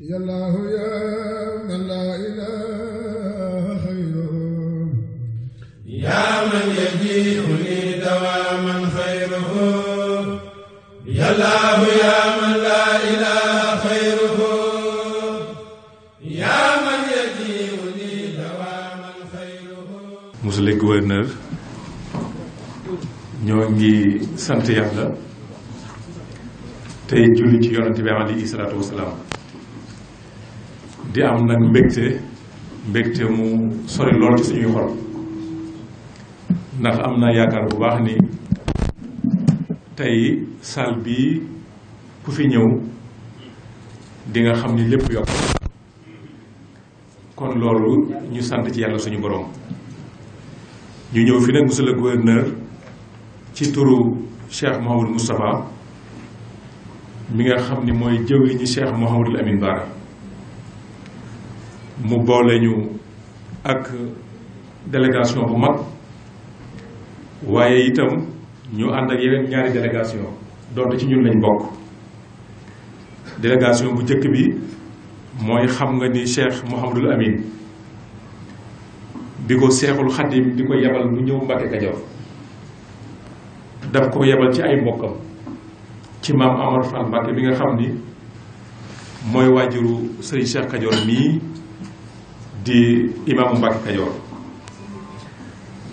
يالله يا من لا إله خيره يا من يجيئني ñoo ngi sant yàlla tey julli ci yonent bi alayhi salaatu wasalaam di am nag mbégte mbégte mu sori lool ci suñuy xol ndax am na yaakaar bu baax ni tey salle bi ku fi ñëw di nga xam ni lépp yokk kon loolu ñu sant ci yàlla suñu boroom ñu ñëw fi nag monsieur le gouverneur ci turu Cheikh Mouhamadou Moustapha mi nga xam ni mooy jëwriñu Cheikh Mouhamadou Amine Bara mu boole ñu ak délégation bu mag waaye itam ñu ànd ak yeneen ñaari délégation donte ci ñun lañ bokk délégation bu njëkk bi mooy xam nga ni Cheikh Mouhamadul Amin bi ko Seexul Xadim di ko yebal mu ñëw Mbàkke Kajoor daf ko yebal ci ay mbokkam ci maam Amar Fall Mbàkke bi nga xam ni mooy waajuru Sëriñ Cheikh Kajoor mii di imaamu Mbàkke Kajoor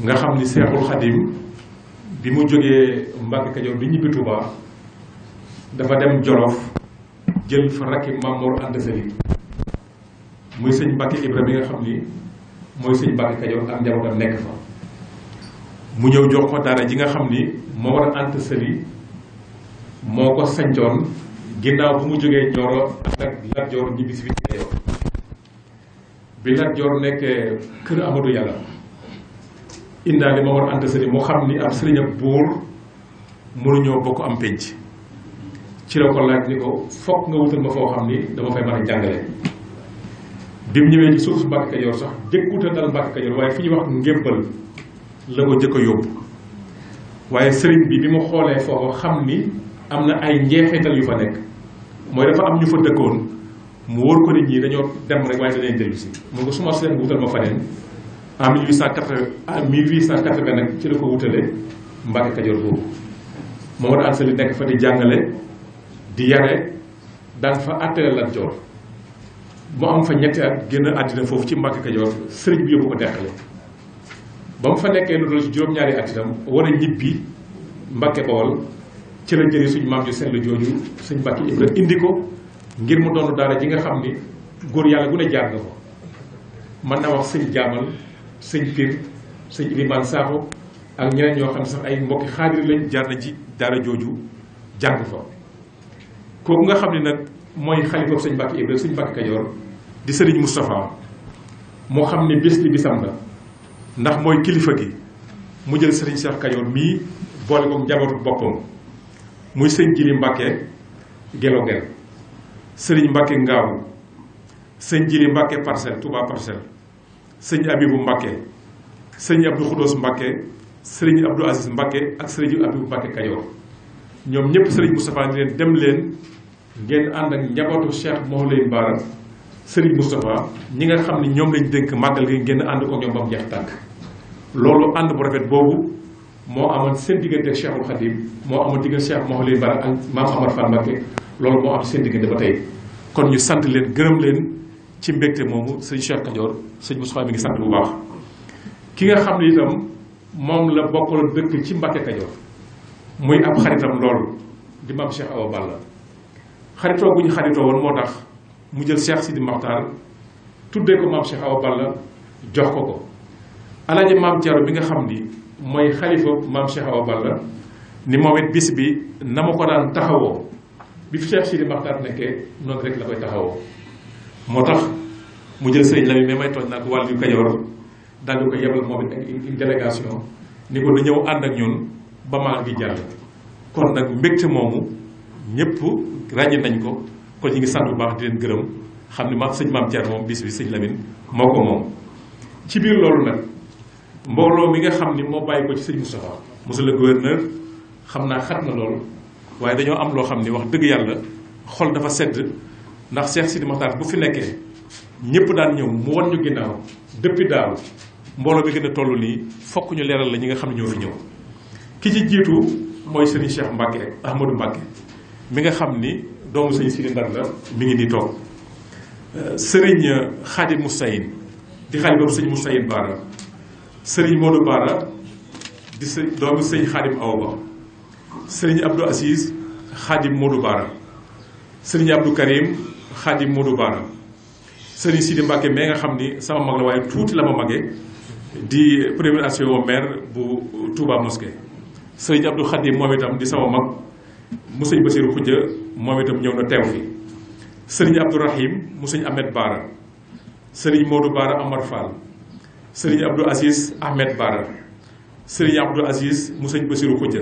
nga xam ni Seexul Xadim bi mu jógee Mbàkke Kajoor bi ñibbi Tuubaa dafa dem Jolof jël fa rakki Mamoor Anta Sali muy sëñ Mbàkke Ibra bi nga mooy sëñ Mbàkke Kajoor ak njabootam nekk fa mu ñëw jox ko ji nga xam ni Mamoor Anta Sali moo ko sancoon ginnaaw bu mu jógee Nioro ak Lat Joor ñibbi si fi bi Lat Joor nekkee kër Amadou Yàlla indaale ma war Anta Sali moo xam ni ab sëriñ ak buur mënuñoo bokk am penc ci la ko laaj ni ko foog nga wutal ma foo xam ni dama fay mën a jàngale bi mu ñëwee ci suuf Mbàkke Kajoor sax jëkkuta dal Mbàkke Kajoor waaye fi ñuy wax ngébbal la ko jëkk a yóbbu waaye sëriñ bi bi mu xoolee foo xam ni am na ay njeexital yu fa nekk mooy dafa am ñu fa dëkkoon mu war ko nit ñi dañoo dem rek waaye danañ dellu si mun ko suma seen wutal ma faneen en 1880 en 1880 ci la ko wutale Mbàkke Kajoor boobu Mamadou Anta Sali nekk fa di jàngale di yare daan fa àttale Lat Joor mu am fa ñetti at génn àddina foofu ci Mbàkke Kajoor sëriñ bi yóbbu ko deqale ba mu fa nekkee lu dul ci juróom-ñaari at itam war a ñibbi Mbàkke Bawol ci la jëlee suñu maam ju sell jooju suñ Mbàkke Ibra indi ko ngir mu doonu daara ji nga xam ni góor yàlla gu ne jaar nga ko mën naa wax sëñ jaamal sëñ pir sëñ ilimaan saako ak ñeneen ñoo xam ne sax ay mbokki xaadir lañ jaar na ji daara jooju jàng fa kooku nga xam ne nag mooy xalifa sëñ Mbàkke Ibra sëñ Mbàkke Kajoor di sëriñ Moustapha moo xam ne bés bi bisam la ndax mooy kilifa gi mu jël sëriñ Cheikh Kajoor mii boole ko njabootu boppam muy sëñ Jili Mbàkke gelo gel sëriñ Mbacke Ngaaw sëñ Jili Mbacke parcelle Touba parcelle sëñ Abibou Mbacke sëñ Abdou Khoudos Mbacke sëriñ Abdou Aziz Mbacke ak sëriñ Abibou Mbacke Kayor ñoom ñëpp sëriñ Moustapha ni leen dem leen ngeen ànd ak njabootu Cheikh Mawlay Mbara sëriñ Moustapha ñi nga xam ne ñoom lañ dénk màggal gi ngeen ànd ko ñoom ba jeex tàkk loolu ànd bu rafet boobu moo amoon seen diggante ak Cheikhul Khadim moo amoon diggante Cheikh Mawlay Mbara ak maam Amar loolu moo am seen diggante ba tey kon ñu sant leen gërëm leen ci mbégte moomu sëñ Cheikh Kajoor sëñ Moussa mi ngi sant bu baax ki nga xam ne itam la bokkaloon dëkk ci Mbàkke muy ab xaritam loolu di maam Cheikh Awa Balla xaritoo mu jël Cheikh Sidi Maxtaar tuddee ko maam Cheikh jox ko ko alaaji maam bi nga xam ni mooy xalifa maam Cheikh Awa Balla ni moom it bis bi na ma ko daan taxawoo bi fi Cheikh Sidi Makhtar nekkee noonu rek la koy taxawoo moo tax mu jël sëñ Lamine mais may tooñ naa ko wàllu yu Kajoor daal di ko yebal moom it ak une ni ko na ñëw ànd ak ñun ba maa ngi jàll kon nag mbégte moomu ñépp ràññi nañ ko ko ñu ngi sant bu baax di leen gërëm xam ne ma sëñ maam Thierno moom bis bi sëñ Lamine moo ko moom ci biir loolu nag mbooloo mi nga xam ni moo bàyyi ko ci sëñ Moustapha monsieur le gouverneur xam naa xat na loolu waaye dañoo am loo xam ni wax dëgg yàlla xol dafa sedd ndax seex Sidi Makhtar bu fi nekkee ñëpp daan ñëw mu won ñu ginnaaw depuis daaw mbooloo bi gën a toll lii fokk leeral la ñi nga xam ne ñoo fi ñëw ki ci jiitu mooy sëriñ Cheikh Mbacke Ahmadou Mbacke mi nga xam ni doomu sëriñ Sidi Ndar la mi ngi nii toog sëriñ Khadim Moussaïn di xaaj boobu sëriñ Moussaïn Baara sëriñ Modou Baara di sa doomu sëriñ Khadim Awa Ba sëriñ Abdou Aziz xaadim Modou Baara sëriñ Abdou Karim xaadim Modou Baara sëriñ Sidi Mbacke nga xam ni sama mag la waaye tuuti la ma magee di premier adjoint au maire bu Touba Mosquée sëriñ Abdou Khadim moom itam di sama mag mu sëñ Basiru Xujja moom itam ñëw na teew fi sëriñ Abdou Rahim mu sëñ Ahmed Baara sëriñ Modou Baara Amar Fall sëriñ Abdou Aziz Ahmed Baara sëriñ Abdou Aziz mu sëñ Basiru Xujja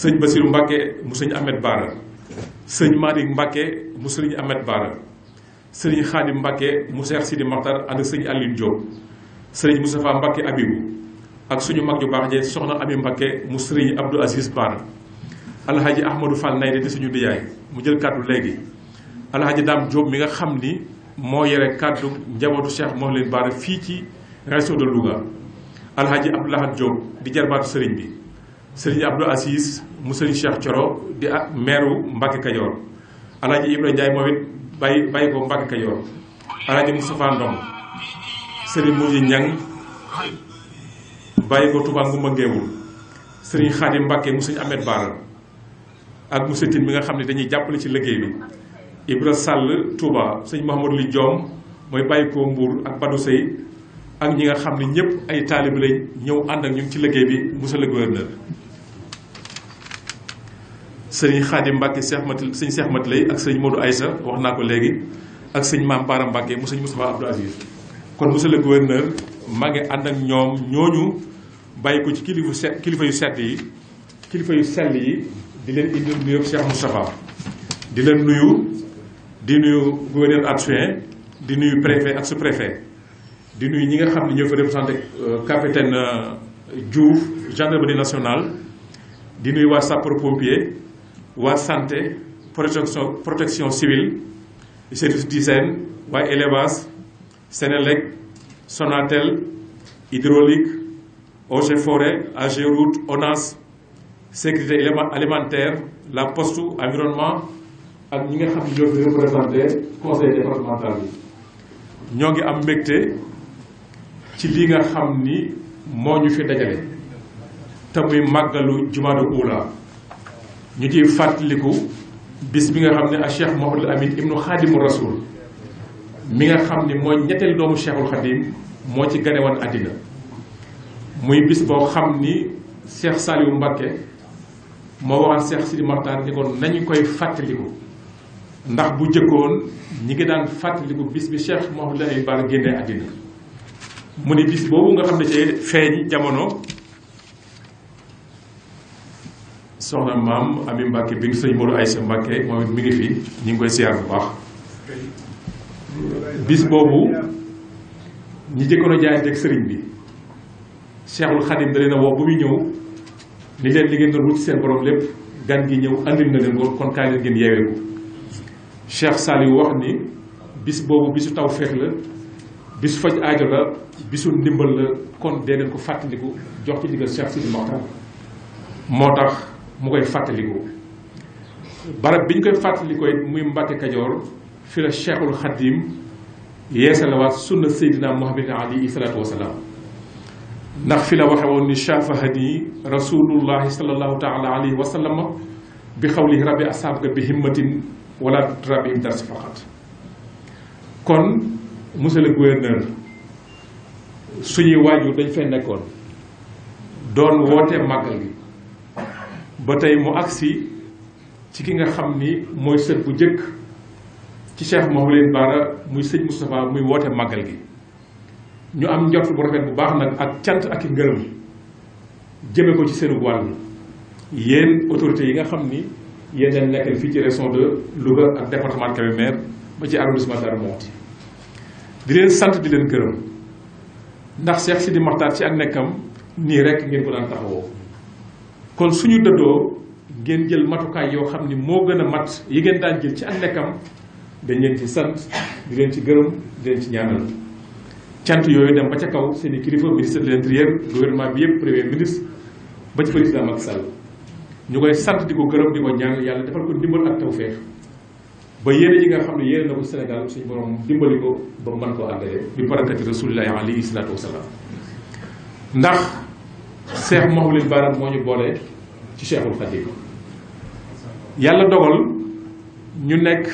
sëñ Basiru Mbàkke mu sëñ Ahmed Baara sëñ Malick Mbàkke mu sëriñ Ahmed Baara sëriñ Xaadim Mbàkke mu Seex Sidi Maxtar ak sëñ Aliou Diop sëriñ Moustapha Mbàkke Abibu ak suñu mag ju baax je soxna Ami Mbàkke mu sëriñ Abdou Aziz Baara alhaji Ahmadou Fall Nay di suñu diyaay mu jël kàddu léegi alhaji Dame Diop mi nga xam ni moo yore kàddu njabootu Cheikh Mawlid Baara fii ci région de Louga alhaji Abdoulahad Diop di jarbaatu sëriñ bi sëriñ Abdou Assis mu sëriñ Cheikh Thioro di ak meeru Mbacke Kajoor alaaji Ibrahima Ndiaye moom it bàyyi bàyyi ko Mbacke Kajoor alaaji Moustapha Ndom sëriñ Mouride Niang bàyyi ko Touba Ngumba Ngeewul sëriñ Khadim Mbacke mu sëriñ Ahmed Baara ak monsieur Tine mi nga xam ne dañuy jàppale ci liggéey bi Ibra Sall Touba sëñ Mouhamadou Li jom mooy bàyyi ko Mbour ak Badou Sey ak ñi nga xam ni ñëpp ay taalib lañ ñëw ànd ak ñun ci liggéey bi monsieur le sëriñ Xaadim Mbàkke Seex Mat sëñ Seex Mat lay ak moo Modou Aïssa wax naa ko léegi ak sëñ Maam Baara Mbàkke mu sëñ Moustapha Abdou Aziz kon monsieur le gouverneur maa ngi ànd ak ñoom ñooñu bàyyi ko ci kilifa set kilifa yu set yi kilifa yu sell yi di leen indil nuyu Cheikh Moustapha di leen nuyu di nuyu gouverneur adjoint di nuyu préfet ak sous-préfet di nuyu ñi nga xam ne ñoo fa représenté euh, capitaine euh, Diouf gendarmerie nationale di nuyu waa sapeur pompier waa santé protection protection civile service d'hygiène waa élevage Sénélec Sonatel hydraulique Eaux et Forêts AGEROUTE ONAS sécurité alimentaire la poste environnement ak ñi nga xam ne ñoo fi représenté conseil départemental bi ñoo ngi am mbégte ci li nga xam ni moo ñu fi dajale te muy màggalu jumaada uula ñu ciy fàttaliku bis bi nga xam ne ak cheikh Mouhamadul Amin ibnu xaadimu rasul mi nga xam ne mooy ñetteel doomu cheikhul xadim moo ci gane woon àddina muy bis boo xam ni cheikh Saliou Mbacké moo waxal cheikh Sidi Maxtaar ni kon nañu koy fàttaliku ndax bu jëkkoon ñi ngi daan fàttaliku bis bi cheikh Mouhamadul Amin Bara génnee àddina mu ni bis boobu nga xam ne ci feeñ jamono soxna maam ami Mbacke bi sëñ Modou Aïssa Mbacke moom it mi ngi fii ñu ngi koy siyaar bu baax bis boobu ñi jëkkoon a jaayante ak sëriñ bi Cheikhul Khadim da leen a woo bu muy ñëw ni leen li ngeen doon wut seen borom lépp gan gi ñëw andil na leen ko kon kaay leen ngeen yeeweeku Cheikh Saliou wax ni bis boobu bisu taw feex la bisu faj aajo la bisu ndimbal la kon dee leen ko fàttaliku jox ci ndigal Cheikh Sidi Mokhtar moo tax mu koy fàttaliku barab bi ñu koy fàttalikoo it muy Mbàkke Kajoor fi la Cheikhul Xadim yeesalawaat sunna Seydina Muhammadin alayhi salaatu wasalaam ndax fi la waxe ni shafahani rasulullahi salallahu taala alayhi wa sallam bi xawli rabbi asaabka bi himmatin wala rabbi im darsi faqat kon monsieur le suñuy waajur dañ fee nekkoon doon woote màggal gi ba tey mu agsi ci ki nga xam ni mooy sët bu njëkk ci Cheikh Mawlène Bara muy sëñ Moustapha muy woote màggal gi ñu am njort bu rafet bu baax nag ak cant ak i ngërëm jëme ko ci seenu wàll yéen autorités yi nga xam ni yéen dañ nekkal fii ci région de Louga ak département de Kébémer ba ci arrondissement Darou Mouhty di leen sant di leen gërëm ndax Cheikh di Makhtar ci ak nekkam nii rek ngeen ko daan taxawoo kon suñu dëddoo ngeen jël matukaay yoo xam ni moo gën a mat yi ngeen daan jël ci ak nekkam dañ leen ci sant di leen ci gërëm di leen ci ñaanal cant yooyu dem ba ca kaw seen i kilifa ministre de bi yëpp premier ministre ba ci président Macky Sall ñu koy sant di ko gërëm di ko ñaan yàlla defal ko ndimbal ak tawfeex ba yéene yi nga xam ne yéene na ko Sénégal suñu borom dimbali ko ba mën koo àndale bi barakati rasulillahi alayhi salaatu wasalaam ndax Cheikh Mawlid Baram moo ñu ci Cheikhul Khadim yàlla dogal ñu nekk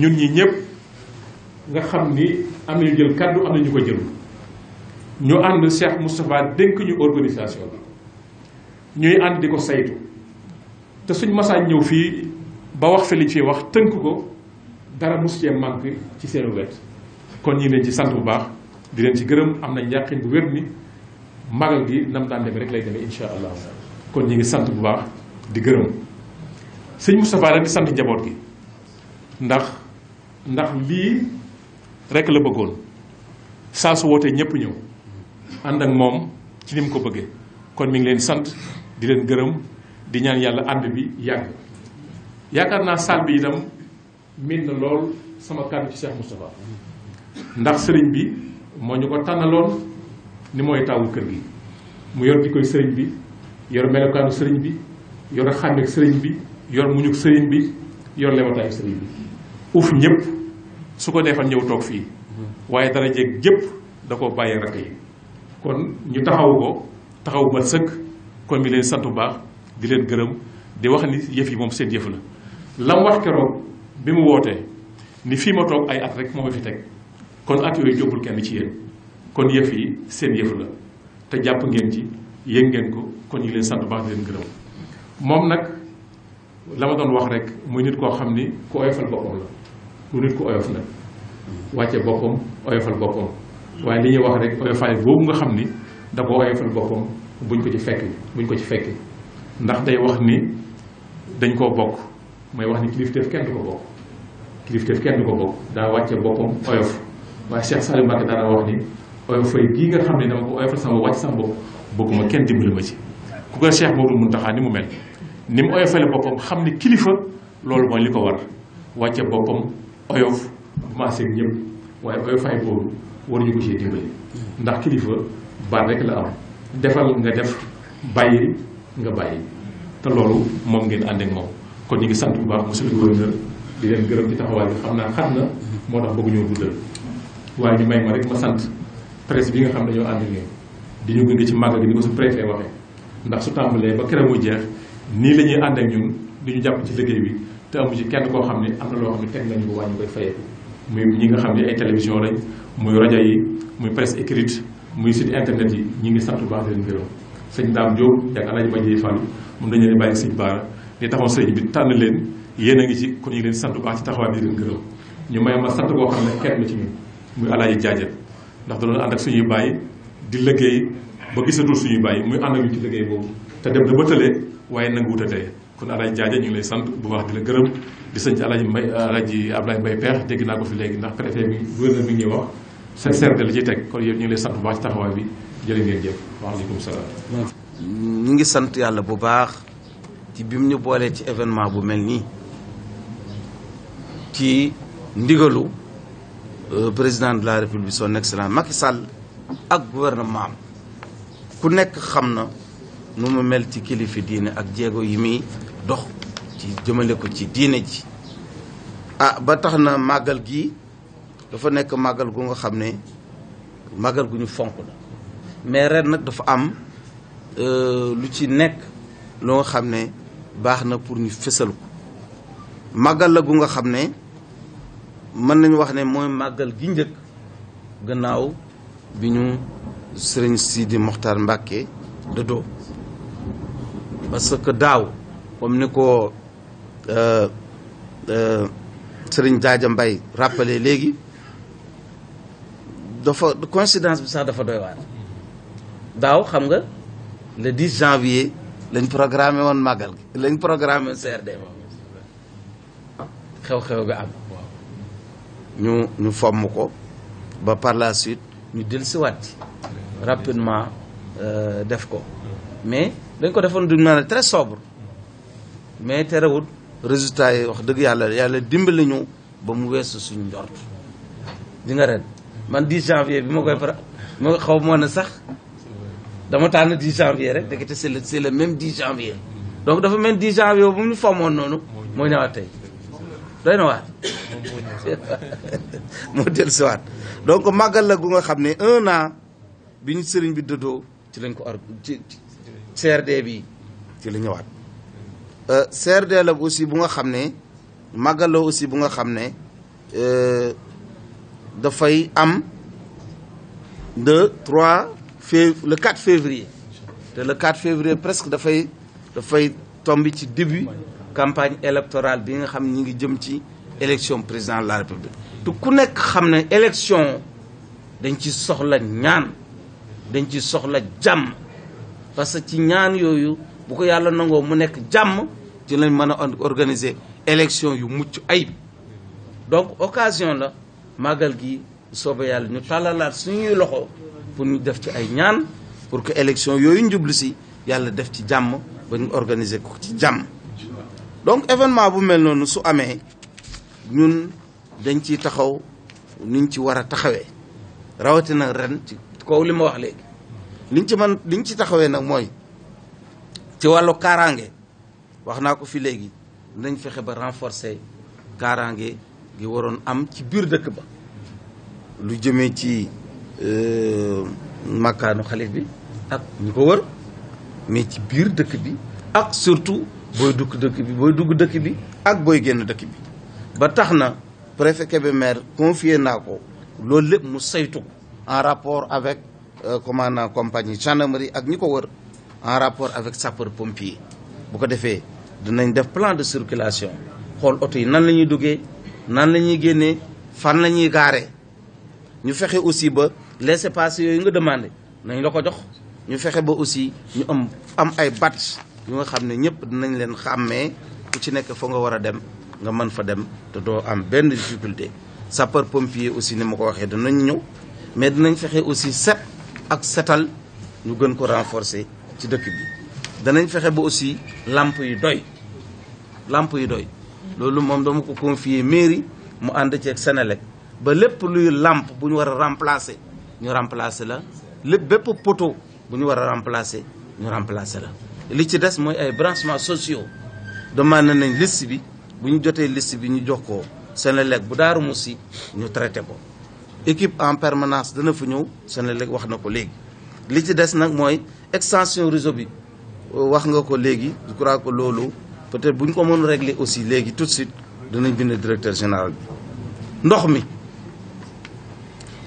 ñun ñi ñëpp nga xam ni am nañu jël kàddu am nañu ko jël ñu ànd Cheikh Moustapha dénk ñu organisation bi ñuy ànd di ko saytu te suñ masaan ñëw fii ba wax fi li ciy wax tënk ko dara mos cee manqué ci seen wet kon ñu ngi leen ci sant bu baax di leen ci gërëm am na yàqin bu wér ni magal gi nam daan demee rek lay demee incha allah. kon ñu ngi sant bu baax di gërëm sëñ Moustapha rek di sant njaboot gi ndax ndax lii rekk la bëggoon saa su wootee ñëpp ñëw ànd ak moom ci ni mu ko bëggee kon mi ngi leen sant di leen gërëm di ñaan yàlla ànd bi yàgg yaakaar naa salle bi itam miin na lool sama kàddu ci Cheikh Moustapha ndax sëriñ bi moo ñu ko tànnaloon ni mooy taawu kër gi mu yor di koy sëriñ bi yor melokaanu sëriñ bi yor xàmmeek sëriñ bi yor muñuk sëriñ bi yor lemataayu sëriñ bi uf ñëpp su ko defal ñëw toog fii waaye dara jeeg jëpp da ko bàyyi rakk yi kon ñu taxaw ko taxaw ba sëkk kon mi leen sant bu baax di leen gërëm di wax ni yëf yi moom seen yëf la lam wax keroog bi mu wootee ni fii ma toog ay at rek moo ma fi teg kon at yooyu jógul kenn ci yéen kon yëf yi seen yëf la te jàpp ngeen ci yëg ngeen ko kon ñu leen sant baax di leen gërëm moom nag la ma doon wax rek muy nit koo xam ni ku oyofal boppam la mu nit ku oyof la wàcce boppam oyofal waaye li ñuy wax rek nga xam ni da ko oyofal buñ ko ci fekk buñ ko ci fekk ndax day wax ni dañ koo bokk mooy wax ni kilifteef kenn ko bokk kilifteef bokk daa wàcce boppam oyof waaye gii nga xam ne dama ko oyofal sama wàcc sama bopp kenn dimbali ma ci ku ko boobu Mouhamadou Mountakha ni mu mel ni mu oyofale boppam xam ne kilifa loolu mooy li ko war wàcce boppam oyof maaseeg ñëpp waaye oyofaay boobu war ñu ko cee dimbali ndax kilifa baat rek la am defal nga def bàyyi nga bàyyi te loolu moom ngeen ànd ak moom kon ñu ngi sant bu baax monsieur le gouverneur di leen gërëm ci taxawaay bi xam naa xat na moo tax bëggu ñoo waaye ñu may ma rek ma sant presse bi nga xam ne ñoo ànd ak ñoom di ñu gën ci màggal gi ndax su tàmbalee ba keroog mu jeex nii la ñuy ànd ak ñun di ñu jàpp ci liggéey bi te amu ci kenn koo xam ne am na loo xam ne teg nañu ko waa ñu koy muy ñi nga xam ne ay télévision lañ muy rajo yi muy presse écrite muy site internet yi ñu ngi sant bu baax di leen gërëm sëñ Dame Diop yaag Alaaji Badiye Fall mun dañu leen bàyyi sëñ Baara li taxoon sëñ bi tànn leen yéen a ngi ci kon ñu leen sant bu baax ci taxawaay bi leen gërëm ñu may ma sant boo xam ne kenn la ci ñun muy Alaaji Jaaje ndax da doon ànd ak suñuy di liggéey ba gisatul suñuy bàyyi muy ànd ak ñu ci liggéey boobu te dem na ba tëlee waaye nangu wut a tey kon alaaj jaaja ñu ngi lay sant bu baax di la gërëm di sant alaaj Mbay alaaj Ablaye Mbay Peex dégg naa ko fi léegi ndax préfet bi gouverneur bi ñuy wax sincère la ci teg kon yéen ñu ngi lay sant bu baax ci taxawaay bi jërë ngeen jëf ngi sant yàlla bu baax ci bim ñu boolee ci événement bu mel nii ci ndigalu euh, président de la république son excellence Macky sàll ak gouvernement am ku nekk xam na nu mu mel ci kilifa diine ak jéego yi muy dox ci jëmale ko ci diine ji ah ba tax na màggal gi dafa nekk màggal gu nga xam ne màggal gu ñu mais ren nag dafa am euh, lu ci nekk lu xam ne baax na pour ñu fësal ko gu nga xam ne mën nañu wax ne mooy màggal gi njëkk gannaaw bi ñu sëriñ Sidi Mokhtar Mbacke Dodo parce que daaw comme ni ko euh, euh, sëriñ Daaja Mbay rappelé léegi dafa coïncidence bi sax dafa doy waar daaw xam nga le 10 janvier lañ programmé woon màggal gi lañ programmé CRD xew-xew bi am ñu ñu fomm ko ba par la suite ñu dellusiwaat ci rapidement euh, def ko mais dañ ko defoon d'une manière très sobre mais terewul résultat yi wax dëgg yàlla yàlla dimbali ñu ba mu weesu suñu njort di nga ren man 10 janvier bi ma koy pare ma xaw ma na sax dama tànn 10 janvier rek dëgg te c'est le c'est le même 10 janvier donc dafa mel 10 janvier bu mu ñu fommoon noonu mooy ñëwaat tey doy na waat moo dellusiwaat donc màggal la gu nga xam ne un an bi ñu sëriñ bi dëddoo ci lañ ko or ci bi ci la ñëwaat euh, CRD la aussi bu nga xam ne màggal la aussi bu nga xam ne euh, dafay am de 3 fév le 4 février te le 4 février presque dafay dafay tombi ci début campagne électorale bi nga xam ñi ngi jëm ci élection président de la république nekk xam ne élection dañ ci soxla ñaan dañ ci soxla jàmm parce que ci ñaan yooyu bu ko yàlla nangoo mu nekk jàmm ci lañ mën a organiser élection yu mucc ayib donc occasion la màggal gi soobee yàlla ñu tàllalaat suñuy loxo pour ñu def ci ay ñaan pour que élection yooyu njublu si yàlla def ci jàmm ba ñu organiser ko ci jàmm donc événement bu mel noonu su amee ñun dañ ciy taxaw niñ ci war a taxawee rawatina ren ci koow li ma wax léegi liñ ci man liñ ci taxawee nag mooy ci wàllu kaaraange wax naa ko fi léegi nañ fexe ba renforcer kaaraange gi waroon am ci biir dëkk ba lu jëmee ci euh, makkaanu xalif bi ak ñu ko wër mais ci biir dëkk bi ak surtout booy dukk dëkk bi booy dugg dëkk bi ak booy génn dëkk bi ba tax na préfet Kébémer confié naa ko loolu lépp mu saytu ko en rapport avec euh, commandant compagnie gendarmerie ak ñi ko war en rapport avec sapeur pompier bu ko defee dinañ def plan de circulation xool oto yi nan la ñuy duggee nan la ñuy génnee fan la ñuy gaare ñu fexe aussi ba laissez-passer yooyu nga demandé nañ la ko jox ñu fexe ba aussi ñu am am ay badge yu nga xam ne ñëpp dinañ leen xàmmee ku ci nekk foo nga war a dem nga mën fa dem te doo am benn difficulté sapeur pompier aussi ni ma ko waxee danañ ñëw mais dinañ fexe aussi set ak setal ñu gën ko renforcer ci dëkk bi danañ fexe ba aussi làmp yu doy làmp yu doy loolu moom dama ko confier mairie mu ànd ceeg Senelec ba lépp luy làmp bu ñu war a remplacer ñu remplacer la lépp bépp poteau bu ñu war a remplacer ñu remplacer la li ci des mooy ay branchements sociaux demande nañ liste bi bu ñu jotee liste bi ñu jox ko Senelec bu daaru mu ñu traité ko équipe en permanence dana fa ñëw Senelec wax na ko léegi li ci des nag mooy extension réseau bi euh, wax nga ko léegi je crois que loolu peut-être bu ñu ko mën réglé aussi léegi tout de suite danañ bind directeur général bi ndox mi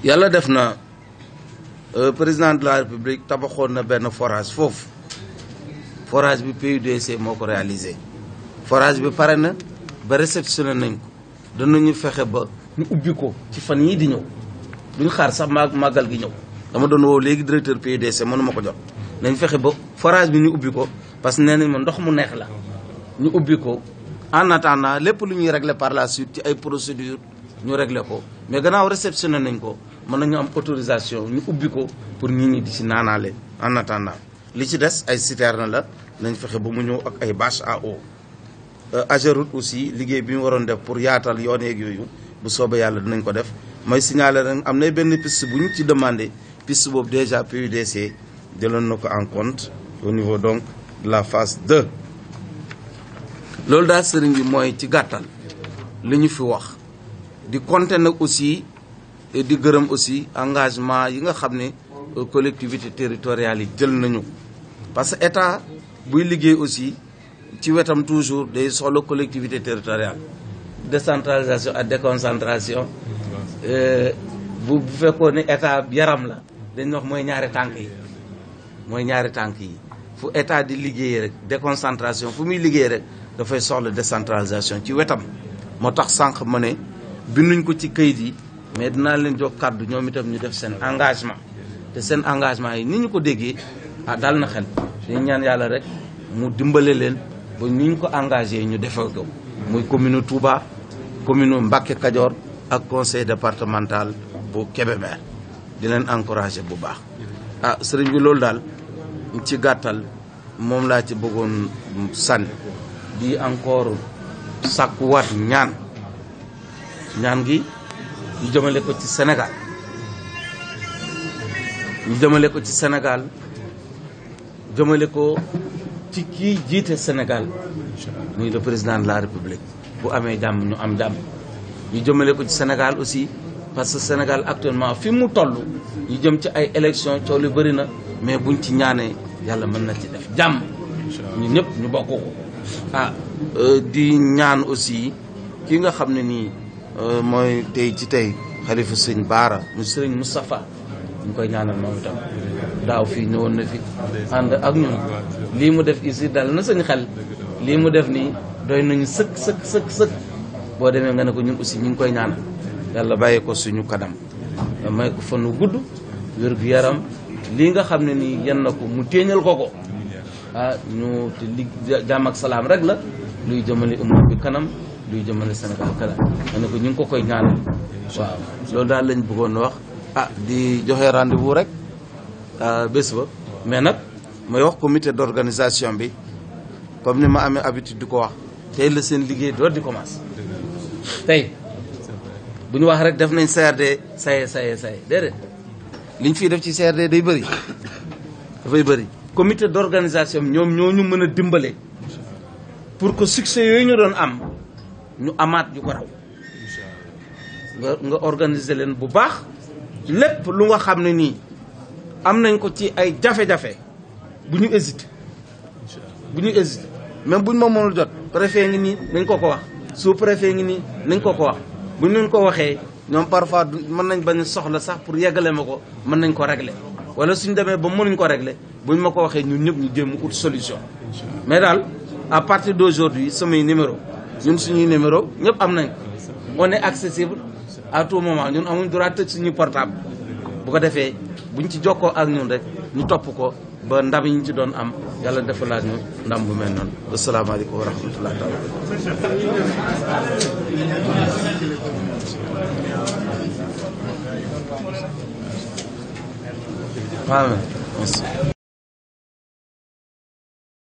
yàlla def na euh, président de la république tabaxoon na benn forage foofu forage bi PUDC moo ko réalisé forage bi pare na ba réceptionné nañ ko danañu fexe ba ñu ubbi ko ci fan yii di ñëw duñ xaar sax ma màggal gi ñëw dama doon woo léegi directeur PDC mënuma ko jot nañ fexe ba forage bi ñu ubbi ko parce que nee nañ ma ndox mu neex la ñu ubbi ko en attendant lépp lu ñuy regle par la suite ci ay procédure ñu régler ko mais gannaaw réceptionné nañ ko mën nañu am autorisation ñu ubbi ko pour nit ñi di ci naanaale en attendant li ci des ay citerne la nañ fexe ba mu ñëw ak ay bâche à eau euh, aussi liggéey bi ñu waroon def pour yaatal yoon yeeg yooyu bu soobee yàlla dinañ ko def may signaler rek am na benn piste bu ñu ci demandé piste boobu déjà PUDC jëloon na ko en compte au niveau donc de la phase 2. loolu daal sëriñ bi mooy ci gàttal li ñu fi wax di compter nag aussi di gërëm aussi engagement yi nga xam ne euh, collectivités territoriales yi jël nañu parce que état buy liggéey aussi ci wetam toujours day soxla collectivité territoriale décentralisation ak déconcentration Euh, bu bu fekkoon ne état yaram la dañ wax mooy ñaari tànk yi mooy ñaari tànk yi fu état di liggéeyee rek déconcentration fu muy liggéey rek dafay soxla décentralisation ci wetam moo tax sànq ma ne binduñ ko ci kayit yi mais dinaa leen jox kàddu ñoom itam ñu def seen engagement te seen engagement yi ni ñu ko déggee a ah, dal na xel dañ ñaan yàlla rek mu dimbale leen ba ni ñu ko engagé ñu defal ko muy commune Touba commune Mbacke Kajoor ak conseil départemental bu Kébémer di leen encouragé bu baax. ah sëriñ loolu daal ci gàttal moom laa ci bëggoon sànni di encore sàkkuwaat ñaan ñaan gi ñu jëmale ko ci senegal ñu jëmale ko ci senegal jëmale ko ci kii jiite senegal muy le président de la République bu amee jàmm ñu am jàmm. ñu jëmale ko ci Sénégal aussi parce que Sénégal actuellement fi mu toll ñu jëm ci ay élections coow li bëri na mais buñ ci ñaanee yàlla mën na ci def jàmm. ñu ñëpp ñu bokk ko. ah euh, di ñaan aussi ki nga xam ne nii euh, mooy tey ci tey xalifa sëñ Baara mu sëriñ mustafa ñu koy ñaanal moom itam daaw fii ñëwoon na fi ànd ak ñun lii mu def ici dal na sëñ xel lii mu def nii doy nañu sëkk sëkk sëkk sëkk. boo demee nga ne ko ñun aussi ñu ngi koy ñaanal yàlla la ko suñu kanam may ko fan nu gudd wér gu yaram lii nga xam ne nii yan na ko mu téeñal ko ko ah ñu te li jàmm ak salaam rek la luy jëmale umma bi kanam luy jëmale Sénégal kanam nga ne ko ñu ngi ko koy ñaanal waaw loolu daal lañ bëggoon wax ah di joxe rendez-vous rek ah, bés ba mais nag may wax comité d'organisation bi comme ni ma amee habitude di ko wax tey la seen liggéey door di commencer tey bu ñu wax rek def nañ CRD saye saye saye déedéet liñ fiy def ci CRD day bëri dafay bëri comité d'organisation ñoom ñoo ñu mën a dimbale pour que succès yooyu ñu doon am ñu amaat ñu ko raw nga nga organiser leen bu baax lépp lu nga xam ne nii am nañ ko ci ay jafe-jafe bu ñu hésité bu ñu hésité même bu ñu ma mënul jot préfet ngi nii nañ ko ko wax sous préfet ngi nii nañ ko ko wax bu ñu ko waxee ñoom parfois du mën nañ bañ soxla sax pour yeggale ma ko mën nañ ko régler wala suñ demee ba mu mënuñ ko regle bu buñ ma ko waxee ñun ñëpp ñu jéem ut solution mais daal à partir d'aujourd'hui samay numéro ñun suñuy numéro ñëpp am nañ on est accessible à tout moment ñun amuñ droit tëj suñuy portable bu ko defee buñ ci jokkoo ak ñun rek ñu topp ko ba ndam yi ñu ci doon am yàlla defalaat ñu ndam bu mel noonu asalaamaaleykum wa rahmatullahi taala waaw merci